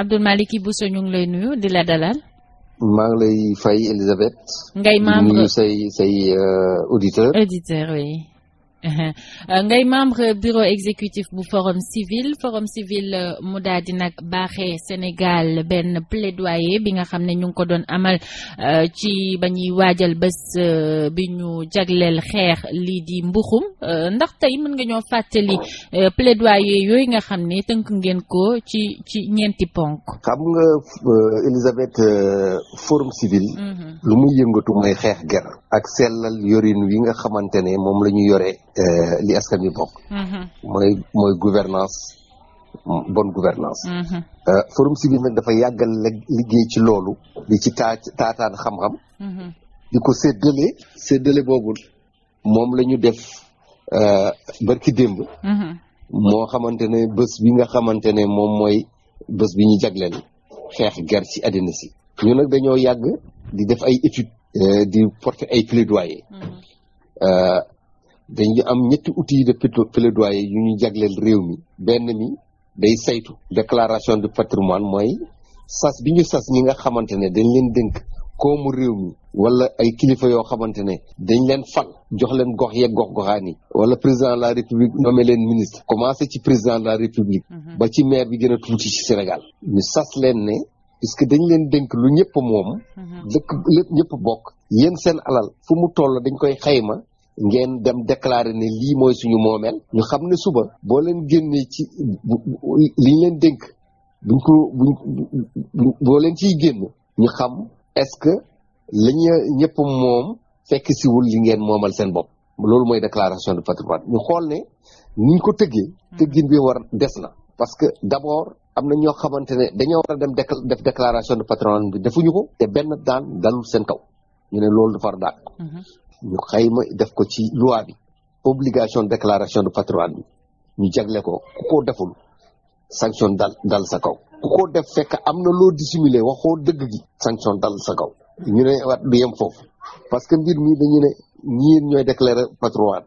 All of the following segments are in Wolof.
Abdoul Malick Bousso ñu ngi lay nuyu di la dalal. maa ngi lay fay Elisabeth. ngay membre say say euh, auditeurs. auditeurs oui. Eh, ngay membre bureau exécutif bu forum civil forum civil eh, mu daal nag baaxee Sénégal benn plaidoyer bi nga xam ne ñu ngi ko doon amal eh, ci ba ñuy waajal bés bi ñu jagleel xeex li di mbuxum ndax tey mën nga ñoo fàttali plaidoyer yooyu nga xam ne tënk ngeen ko ci ci ñeenti ponk. xam nga Elisabeth forum civil. Mhm. lu muy yëngatu mooy xeex ger ak sellal yorin wi nga xamante ne moom la ñu yore Euh, li askan bi bokk. Mm-hmm. mooy mooy gouvernance bonne gouvernance mm-hmm. euh, forum civil nag dafa yàggal la liggéey ci loolu di ci taataan xam-xam mm-hmm. di ko séddale séddale boobu moom lañu ñu def euh, barki démb moo xamante ne bés bi nga xamante ne moom mooy bés bi ñu jagleel xeex ger ci àddina si ñu nag dañoo yàgg di def ay étude di porter ay plaidoyer dañu am ñetti outils de plaidoyer yu ñu jagleel réew mi benn mi day saytu déclaration de patrimoine mooy sas bi ñu sas ñi nga xamante ne dañ leen dënk koomu réew mi wala ay kilifa yoo xamante ne dañ leen fal jox leen gox yeeg gox goxaan yi wala président de la république nommé leen ministre commencé ci président la république mm-hmm. ba ci maire bi gën a tuuti ci Sénégal ñu sas leen ne puisque dañ leen dënk lu ñëpp moom mm-hmm. dëkk lépp ñëpp bokk yéen seen alal fu mu toll dañ koy xayma ngeen dem déclarer ne lii mooy suñu moomeel ñu xam ne suba boo leen génnee ci liñ leen dénk buñ ko buñ boo leen ciy génn ñu xam est-ce que lañu ñëpp moom fekk siwul li ngeen moomal seen bopp loolu mooy déclaration de patrimoine ñu xool ne niñ ko tëggee hmm. tëggin bi war des na parce que d'abord am na ñoo xamante ne dañoo war a dem def déclaration de patrimoine bi defuñu ko te benn daan dalul seen kaw ñu ne loolu dafa war a daal ñu xayma def ko ci loi bi obligation déclaration de patrimoine ñu jagle ko ku ko deful sanction dal sa kaw ku ko def fekk am na loo dissimulé waxoo dëgg gi sanction dal sa kaw ñu ne wat du yem foofu parce que mbir mi dañu ne ñii ñooy déclarer patrimoine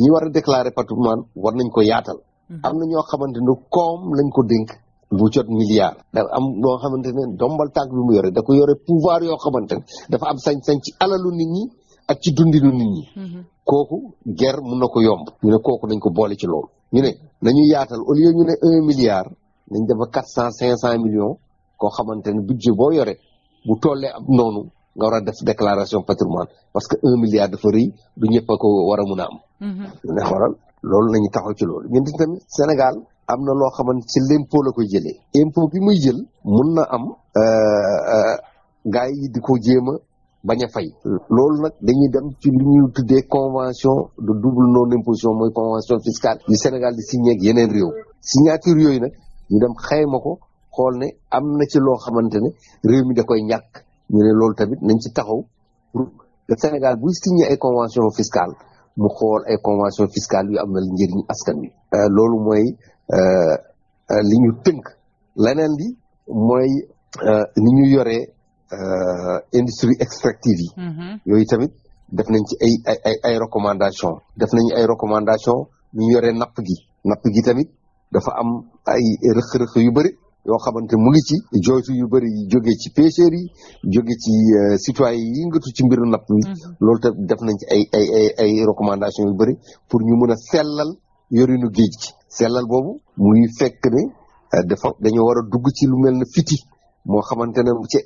ñi war a déclarer patrimoine war nañ ko yaatal mm-hmm. am na ñoo xamante ne koom lañ ko dénk bu jot milliard da am loo xamante ne dombal tànk bi yore da ko yore pouvoir yoo xamante ne dafa sañ-sañ ci alalu nit ak ci dundinu nit ñi. Mm-hmm. kooku guerre mun ko yomb. ñu ne kooku nañ ko boole ci loolu. ñu ne nañu yaatal au lieu ñu ne un milliard nañ dafa quatre cent cinq cent millions koo xamante ne budget boo yore bu tollee ab noonu nga war a def déclaration patrimoine parce que un milliard dafa rëy du ñëpp a ko war a mun a am. ñu mm-hmm. ne xoolal loolu nañu ci loolu ñun tamit Sénégal. am na loo xamante ci l'impôt la koy jëlee impôt bi muy jël mun na am euh, euh, gars yi di ko jéem bañ a fay loolu nag dañuy dem ci li ñuy tuddee convention de double non imposition mooy convention fiscale yu Sénégal di signé ak yeneen réew signature yooyu nag ñu dem xayma ko xool ne am na ci loo xamante ne réew mi da koy ñàkk ñu ne loolu tamit nañ ci taxaw pour que Sénégal buy signé ay convention fiscale mu xool ay convention fiscale yu am na njëriñ askan wi euh, loolu mooy euh, euh, li ñu tënk leneen li mooy ni ñu Euh, industrie extractive yi. Mm-hmm. yooyu tamit def nañ ci ay ay ay ay recommandations. def nañ ay recommandations ñu yore napp gi. napp gi tamit dafa am ay rëq-rëq yu bëri yoo xamante mu ngi ci. jooytu yu bëri yu jógee ci pêcheurs yi jóge ci euh, citoyens yi yëngatu ci mbiru napp wi. Mm-hmm. loolu tamit def nañ ci ay ay ay ay recommandations yu bëri pour ñu mën a sellal yorinu géej gi. sellal boobu muy fekk ne euh, dafa dañoo war a dugg ci lu mel ne fiti. moo xamante ne ci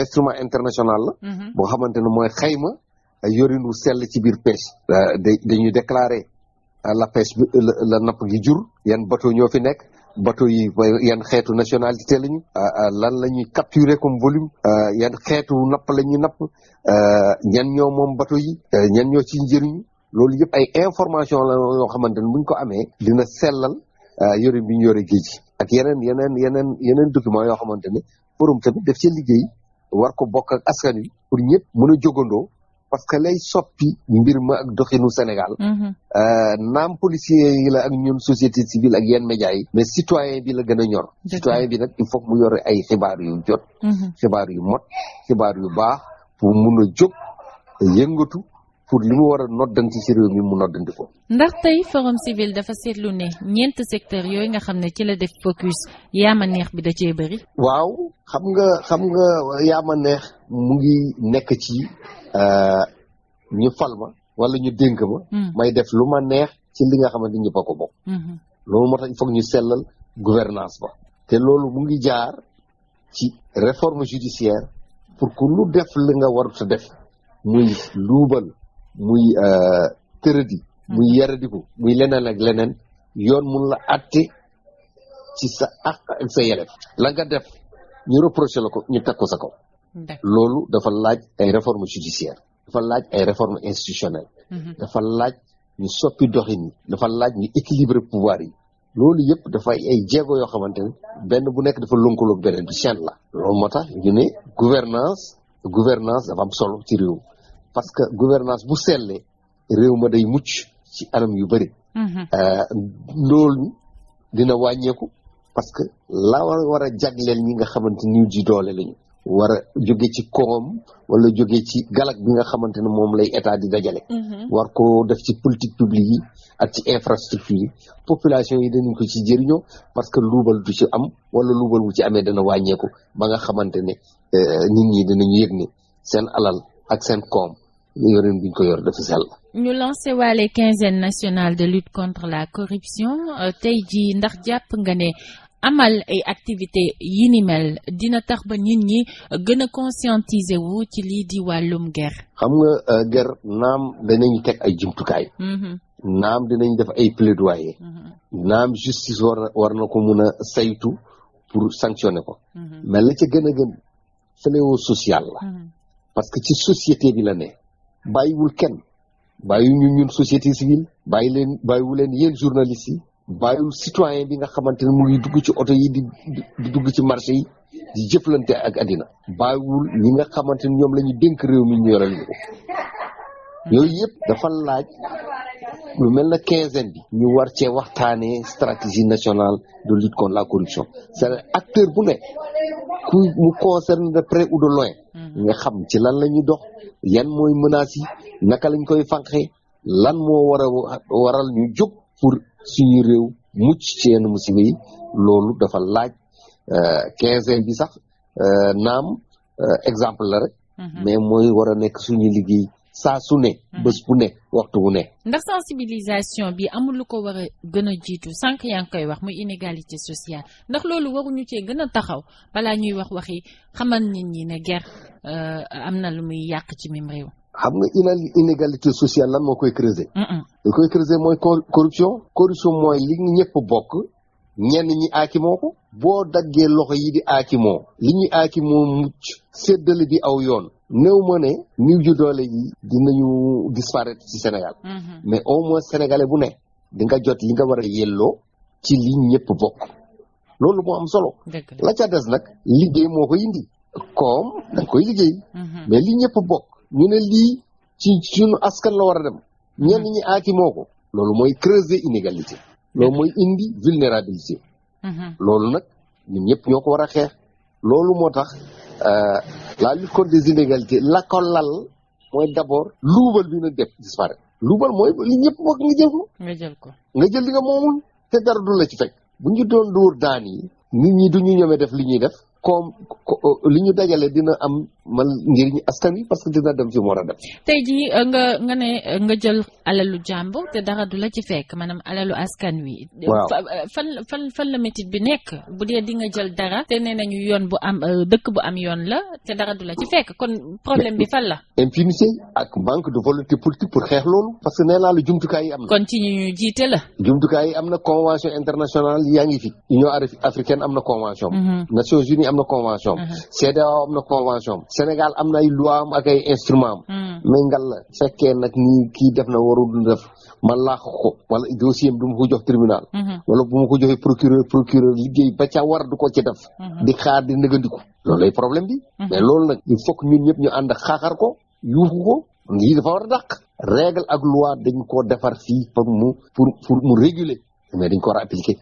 instrument international la. boo mm-hmm. xamante ne mooy xayma yorin wu sell ci biir pêche. Euh, dañuy déclarer euh, la pêche bi la napp gi jur yan bateau ñoo fi nekk. bateau yi yan xeetu nationalité lañu euh, lan la ñuy capturer comme volume yan xeetu napp la ñuy napp ñan ñoo moom bateau yi ñan ñoo ci njëriñu loolu yëpp ay information la yoo xamante ne buñ ko amee dina sellal yorin bi ñu yore géej ak yeneen yeneen yeneen yeneen document yoo xamante ne forum tamit daf cee liggéey war ko bokk ak askan wi pour ñëpp mën a jógandoo parce que lay soppi mbir ma ak doxinu Sénégal. Mm-hmm. Euh, naam policier yi la ak ñun société civile ak yenn médias yi. citoyen bi la a ñor. citoyen bi nag il faut mu yore ay xibaar yu jot. Mm-hmm. xibaar yu mot xibaar yu baax pour mun a jóg pour li mu war a noddanti ci réew mi mu noddanti ko. ndax tey forum civil dafa seetlu ne ñeent secteur yooyu nga xam ne ci la def focus a neex bi da cee bëri. waaw xam nga xam nga yaama neex mu ngi nekk ci euh, ñu fal ma wala ñu dénk ma. Hmm. may def lu ma neex ci li nga xamante ni a ko bokk. Hmm. loolu moo tax il faut ñu sellal gouvernance ba. te loolu mu ngi jaar ci réforme judiciaire pour que lu def li nga warut a def muy luubal. muy tëradi euh, mm-hmm. muy yaradiku muy leneen ak leneen yoon mun la atte ci sa ak sa yelef la nga def ñu reproché la ko ñu teg ko sa kaw loolu dafa laaj ay réforme judiciaire dafa laaj ay réforme institutionnelle mm-hmm. dafa laaj ñu soppi doxin yi dafa laaj ñu équilibré pouvoir yi loolu yëpp dafay ay jéego yoo xamante ne benn bu nekk dafa lënkaloog beneen bi chaîne la loolu moo tax ñu ne gouvernance gouvernance dafa am solo ci réew parce que gouvernance bu sellee réew ma day mucc ci anam yu bëri mhm. euh, loolu dina wàññeeku parce que la war war a jagleel ñi nga xamante niw ji doole lañu war a jóge ci koom wala jóge ci galak bi nga xamante ne moom lay état di dajale mhm. war ko def ci politique publique yi ak ci infrastructure yi population yi danañ ko ci jëriñoo parce que luubal du ci am wala luubal bu ci amee dana wàññeeku ba nga xamante ne euh, nit ñi dinañu yëg ne seen alal ak seen koom yorin bi ko yor dafa sell. ñu lancé waale quinzaine nationale de lutte contre la corruption euh, tey jii ndax jàpp nga ne amal ay activité yi ni mel dina tax ba nit ñi gën a conscientiser wu ci lii di wàllum ger. xam nga euh, ger naam danañu teg ay jumtukaay. Mm-hmm. naam dinañ def ay plaidoyer. Mm-hmm. naam justice war na ko mun a saytu pour sanctionner ko. Mm-hmm. mais la ca gën a gën fléau social la. parce que ci société bi la ne bàyyiwul kenn bàyyiwu ñu ñun société civile bàyyi leen bàyyiwu leen yéen journalistes yi bàyyiwul citoyen bi nga xamante ne mu ngi dugg ci oto yi di di dugg ci marché yi di jëflante ak àddina bàyyiwul ñi nga xamante ne ñoom la ñu réew mi ñu yoral ñu yooyu yëpp dafa laaj lu mel na quinzaine bi ñu war cee waxtaanee stratégie nationale de lutte contre la corruption cest acteur bu ne ku mu concerne de près ou de loin ñu xam ci lan la ñuy dox yan mooy menaces yi naka lañ koy fànqee lan moo war waral ñu jóg pour suñu réew mucc ci yenn musiba yi loolu dafa laaj euh, quinzaine bi sax euh, naam euh, exemple la rek mm-hmm. mais mooy war a nekk suñu liggéey saa su ne. Mhm. bës bu ne waxtu wu ne. ndax sensibilisation bi amul lu ko war a gën a jiitu sànq yaa ngi koy wax muy inégalité sociale ndax loolu waruñu cee gën a taxaw balaa ñuy wax waxi xamal nit ñi ne ger euh, am na lu muy yàq ci mim réew. xam nga inal inégalité sociale lan moo koy creuser. li koy creuser mooy corruption. corruption mooy li ñëpp bokk. ñenn ñi aakimoo ko. boo daggee loxo yi di aakimoo. li ñuy aakimoo mucc séddale bi aw yoon. néew ma ne néew ju doole yi dinañu disparaître ci Sénégal mm-hmm. mais au moins sénégalais bu ne di nga jot yi nga war a yelloo ci li ñëpp bokk loolu moo am solo la ca des nag liggéey moo ko indi comme da nga koy liggéey mm-hmm. mais li ñëpp bokk ñu ne lii ci suñu askan la war a dem mm-hmm. ñenn ñi aaki moo ko loolu mooy creuser inégalité loolu mooy indi vulnérabilité loolu nag ñun ñëpp ñoo ko xeex loolu moo tax Euh, la lutte contre les inégalités la ko lal mooy d'abord luubal bi na def disparaître luubal mooy li ñëpp nga jël ko nga jël te dara du la ci fekk bu ñu doon dóor daan yi nit ñi du ñu ñemee def li ñuy def comme li ñu dajale dina am man njëriñu askan wi parce que dina dem fi mu war a dem. tey jii euh, nga nga ne euh, nga jël alalu jàmbur te dara du la ci fekk maanaam alalu askan wi. waaw euh, fan fan la métit bi nekk bu dee di nga jël dara te nee nañu yoon bu am dëkk bu am yoon la te dara du la ci fekk kon problème bi fan la. impunité ak manque de volonté politique pour xeex loolu parce que nee naa la jumtukaay yi am na. kon ci ñu convention internationale yaa ngi fi. Union africaine am na convention. Mm-hmm. Nations Unies Sénégal am na ay loi am ak ay instrument am hmm. mais ngal la fekkee nag nii kii def na warul def man laax ko wala dossier am du ma ko jox tribunal hmm. wala bu ma ko joxee procureur procureur liggéey ba ca war du ko ci def hmm. di xaar di nëgandiku problème bi mais loolu nag il faut que ñun ñëpp ñu ko yuufu ko lii dafa war a dàq règle ak loi dañ koo defar fii pour mu réguler mais dañ ko war a appliquer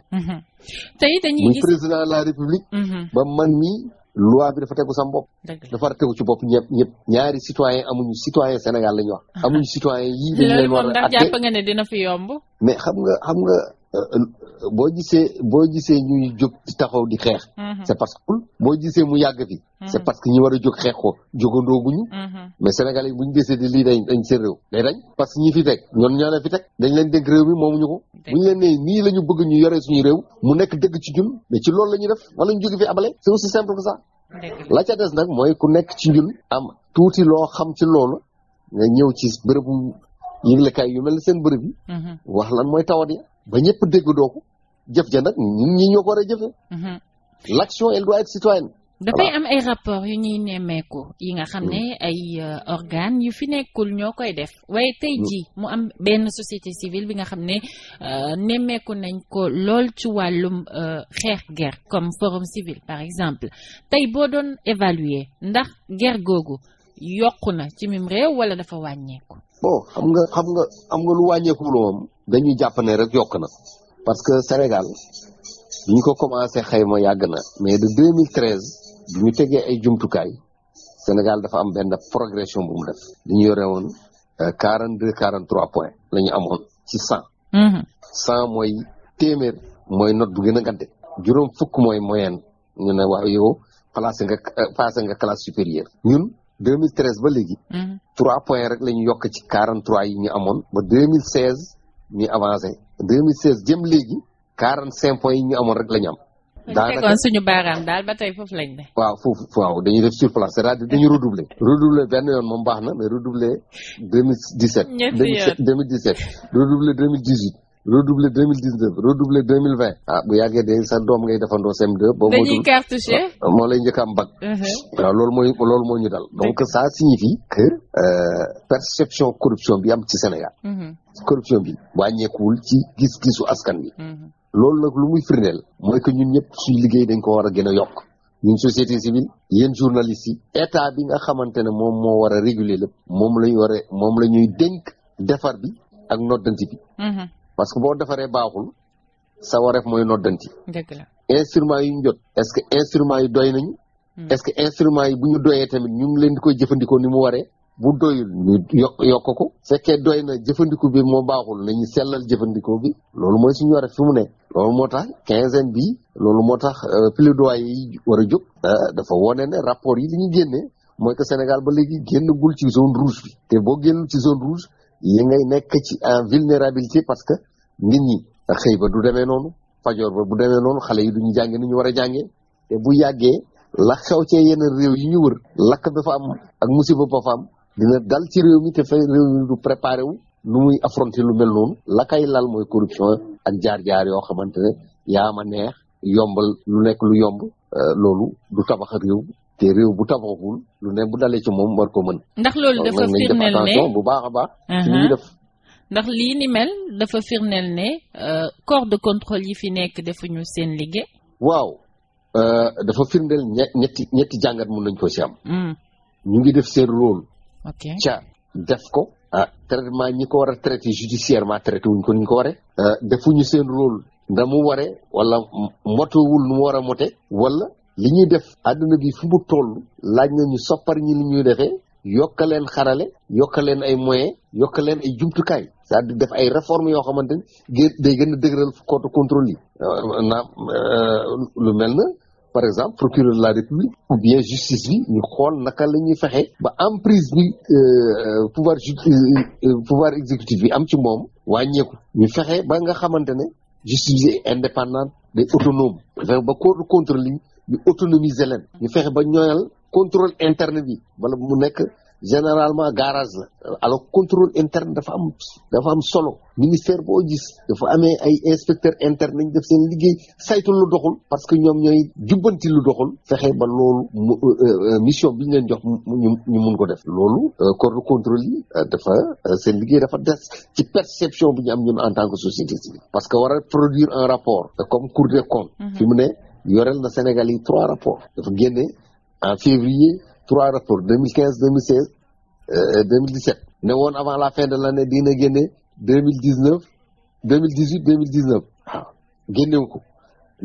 tey dañuy gis muy président de la ba man mii loi bi dafa tegu sam bopp dafa war a tegu ci bopp ñëpp ñëpp ñaari citoyen amuñu citoyen Sénégal la ñu wax amuñu citoyen yii dañu war a jàpp nga ne dina fi yomb mais xam nga xam nga euh, boo gisee boo gisee ñuy jóg di taxaw di xeex c'est parce que boo gisee mu yàgg fi c'est parce que ñi war a jóg xeex ko jógandooguñu mais sénégalais yi bu ñu décidé lii dañ dañ seen réew parce que ñi fi teg ñoom ñoo leen fi teg dañ leen dégg réew mi moomuñu ko bu ñu leen nee nii la bëgg ñu yore suñu réew mu nekk dëgg ci ñun mais ci loolu la def wala ñu jóge fi abale ku nekk ci ñun am tuuti loo xam ci loolu nga ñëw ci bërëbu yëglekaay yu mel ne seen bërëb yi mm-hmm. wax lan mooy tawat ya ba ñëpp dégg doo ko jëf ja nag ñun ñi ñoo ko a jëfe mm-hmm. l'action elle doit citoyenne dafay am ay rapport yu ñuy nemmeeku yi nga xam ne ay euh, organes yu fi nekkul ñoo koy def waaye tey jii mu am benn société civile bi nga xam ne euh, nemmeeku nañ ko lool ci wàllum euh, xeex guerre comme forum civil par exemple tey boo doon évaluer ndax guerre googu yokk na ci mim réew wala dafa wàññeeku. bon xam nga xam nga xam nga lu wàññeekuwul moom dañuy jàpp ne rek yokk na parce que Sénégal bi ko ko commencé xayma yàgg na mais de 2013. bu ñu tegee ay jumtukaay Sénégal dafa am benn progression bu mu def yore woon euh, quarante deux quarante trois points la amoon ci cent mm-hmm. cent mooy téeméer mooy not bu gën a ngante juróom fukk mooy moyenne ñu ne waaw yow placé nga euh, passé nga classe supérieure ñun 2013 ba léegi. 3 mm-hmm. points rek la ñu yokk ci 43 yi ñu amoon ba 2016 ñu avancé 2016 jëm léegi 45 points yi ñu amoon rek la am. daanaka suñu baaraam daal ba tey foofu lañ ne. waaw foofu waaw dañuy def sur place c'est-à-dire dañuy redoubler. benn yoon moom baax na mais redoubler deux mille dix sept. ñetti yoon deux mille dix sept redoubler deux mille vingt. ah bu yàggee de sa doom ngay defandoo CM2. boo moytuwul dañuy cartouché. moo a am bac. Uh-huh. waaw loolu loolu moo ñu dal. donc ça signifie que. Euh, perception corruption bi am ci Sénégal. Uh-huh. corruption bi wàññeekuwul ci gis-gisu askan bi loolu nag lu muy firndeel mooy que ñun ñëpp suñu liggéey dañ ko war a gën a yokk ñun société civile yéen journalistes yi état bi nga xamante ne moom moo war a réguler lépp moom lañu war a moom la ñuy dénk defar bi ak noddanti bi mm-hmm. parce que boo defaree baaxul sa wareef mooy noddanti dëgg la yi ñu jot est-ce que instruments yi doy nañ mm. est-ce que instruments yi bu ñu doyee tamit ñu ngi leen di koy jëfandikoo ni mu waree bu doyul ñu yokk yokk ko fekkee doy na jëfandiku bi moo baaxul ñu sellal jëfandikoo bi loolu mooy suñu wareef fi mu ne loolu moo tax quinze quinzaine bi loolu moo tax euh, plaidoyer yi war a jóg euh, dafa wone rapport yi ñu génnee mooy que Sénégal ba léegi génnagul ci zone rouge bi te boo génnul ci zone rouge yi ngay nekk ci en vulnérabilité parce que nit ñi xëy ba du demee noonu fajoor ba bu demee noonu xale yi duñu jàng ni ñu war a jàngee te bu yàggee la xew cee yenn réew yi ñu wër lakk ba fa am ak musiba ba fa dina dal ci réew mi te fay réew mi du préparé wu nu muy affronter lu mel noonu la kay lal mooy corruption ak jaar-jaar yoo xamante ne yaa ma neex yombal lu nekk lu yomb euh, loolu du tabax réew te réew bu tabaxul lu nekk bu dalee ci moom war ko mën. ndax loolu dafa firndeel ne bu baax a baax. ci uh-huh. ndax mel dafa firndeel ne euh, corps de contrôle yi fi nekk defuñu seen liggéey. waaw euh, dafa firndeel ñetti ñetti jàngat mun nañ ko si am. Mm. ñu ngi def seen lool ca def ko ah traitement ñi ko war a traité judiciairement traité wu ko ni ñu ko waree. Ah, defuñu seen rôle na mu waree wala motowul nu mu war a mote wala li ñuy def àdduna bi fu mu toll laaj na ñu soppar ñi li ñuy defee yokk leen xarale yokk leen ay moyens yokk leen ay jumtukaay cest def ay réformes yoo xamante ni day gën a dëgëral code contrôle yi. Ah, naam ah, lu mel na. par exemple procureur de la république ou bien justice bi ñu xool naka la ñuy fexe ba emprise bi euh, euh, pouvoir euh, pouvoir exécutif bi am ci moom wàññeeku ñu fexe ba nga xamante ne justice bi indépendante day autonome ba corps de contrôle yi ñu autonomiser leen ñu fexe ba ñooyal contrôle interne bi wala mu nekk généralement garage la alors contrôle interne dafa am dafa am solo ministère boo gis dafa amee ay inspecteur interne nañ def seen liggéey saytu lu doxul parce que ñoom ñooy jubbanti lu doxul fexe ba loolu euh, euh, mission bi ñu leen jox ñu ñu mun ko def loolu euh, corps de contrôle yi dafa seen liggéey dafa des ci perception bi ñu am en tant que société civile parce que war a produire un rapport comme Cour des comptes mhm. fi mu ne yorel na Sénégal trois rapports dafa génne en février trois rapports 2015 2016 euh, 2017 ne woon avant la fin de l' année dina génne 2019 2018 2019 waaw génnewu ko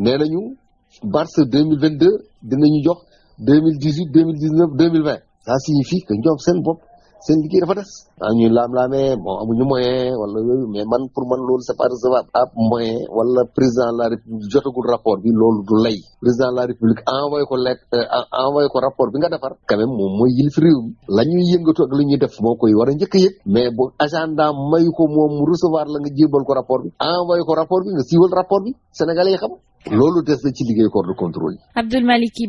nee nañu mars 2022 dinañu jox 2018 2019 2020 ça signifie que ñoom seen bopp seen liggéey dafa des ah ñuy laam-laamee bon amuñu moyen wala yooyu mais man pour man loolu c'est pas recevable ab ah, moyen wala président de la république jotagul rapport bi loolu du lay président de la république envoyé ko lettre euh, envoyé ko rapport bi nga defar quand même moom mooy yilif réew mi la ñuy yëngatu ak lu ñuy def moo koy war a njëkk yëg mais bo agenda mayu ko moom mu recevoir la nga jébal ko rapport bi envoyé ko rapport bi nga siiwal rapport bi sénégalais yi xam loolu des liggéey corps de contrôle yi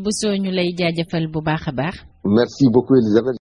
bu baax a baax merci beaucoup Elisabeth